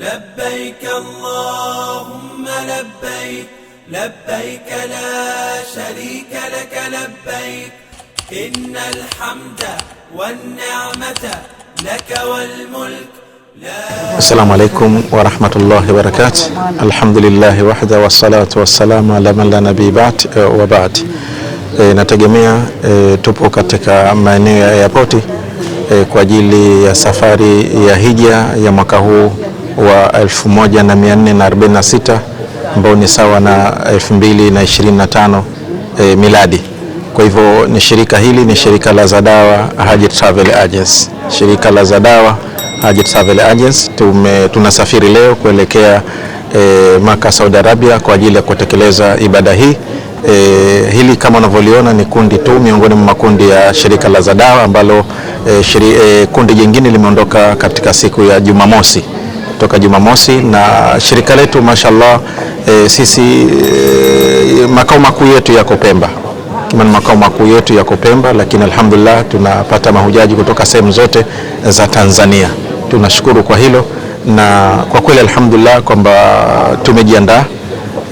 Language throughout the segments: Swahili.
لبيك اللهم لبيك لبيك لا شريك لك لبيك إن الحمد والنعمة لك والملك لا السلام عليكم ورحمة الله وبركاته الحمد لله وحده والصلاة والسلام على من لا نبي بعد آه، وبعد inategemea آه، e, آه، tupo katika maeneo ya airport e, kwa ajili ya safari ya hija ya mwaka huu wa 1446 ambao ni sawa na 2025 e, miladi. Kwa hivyo ni shirika hili ni shirika la Zadawa Haji Travel Agency, shirika la Zadawa Haji Travel Agency. Tume, tunasafiri leo kuelekea e, Maka Saudi Arabia kwa ajili ya kutekeleza ibada hii. E, hili kama unavyoliona ni kundi tu miongoni mwa makundi ya shirika la Zadawa ambalo e, shiri, e, kundi jingine limeondoka katika siku ya Jumamosi toka Jumamosi na shirika letu mashallah, e, sisi e, makao makuu yetu yako Pemba Kimani, makao makuu yetu yako Pemba, lakini alhamdulillah tunapata mahujaji kutoka sehemu zote za Tanzania. Tunashukuru kwa hilo na kwa kweli alhamdulillah kwamba tumejiandaa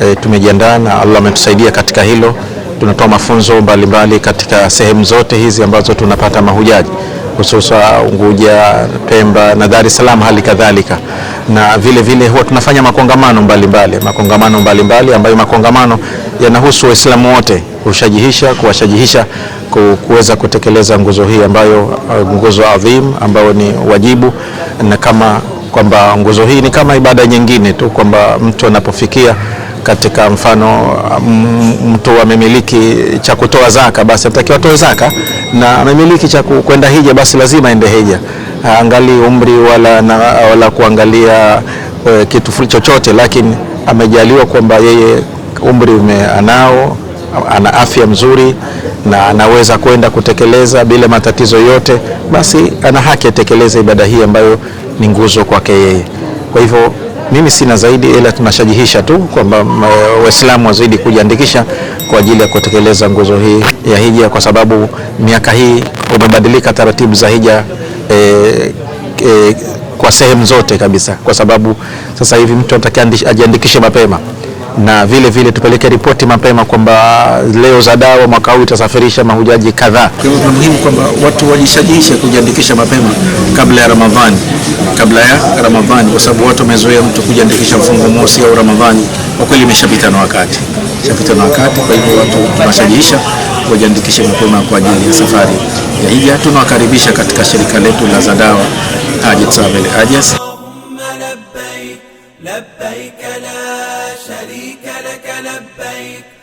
e, tumejiandaa na Allah ametusaidia katika hilo. Tunatoa mafunzo mbalimbali katika sehemu zote hizi ambazo tunapata mahujaji hususa Unguja, Pemba na Dar es Salaam hali kadhalika na vile vile huwa tunafanya makongamano mbalimbali mbali, makongamano mbalimbali mbali, ambayo makongamano yanahusu Waislamu wote kushajihisha kuwashajihisha kuweza kutekeleza nguzo hii ambayo uh, nguzo adhim ambayo ni wajibu, na kama kwamba nguzo hii ni kama ibada nyingine tu, kwamba mtu anapofikia katika mfano um, mtu amemiliki cha kutoa zaka, basi anatakiwa atoe zaka, na amemiliki cha kwenda hija, basi lazima aende hija haangalii umri wala, na, wala kuangalia uh, kitu chochote, lakini amejaliwa kwamba yeye umri anao, ana afya mzuri na anaweza kwenda kutekeleza bila matatizo yote, basi ana haki atekeleze ibada hii ambayo ni nguzo kwake yeye. Kwa hivyo mimi sina zaidi, ila tunashajihisha tu kwamba eh, Waislamu wazidi kujiandikisha kwa ajili ya kutekeleza nguzo hii ya hija, kwa sababu miaka hii umebadilika taratibu za hija e, e, kwa sehemu zote kabisa, kwa sababu sasa hivi mtu anatakiwa ajiandikishe mapema na vile vile tupeleke ripoti mapema kwamba leo za dawa mwaka huu itasafirisha mahujaji kadhaa. Kwa hivyo ni muhimu kwamba watu wajishajiishe kujiandikisha mapema kabla ya Ramadhani, kabla ya Ramadhani, kwa sababu watu wamezoea mtu kujiandikisha mfungo mosi au Ramadhani, kwa kweli imeshapita na wakati, imeshapita na wakati. Kwa hivyo watu tunawasajiisha wajiandikishe mapema kwa ajili ya safari. Hivyo tunawakaribisha katika shirika letu la Zadawa Haji Travel Agency.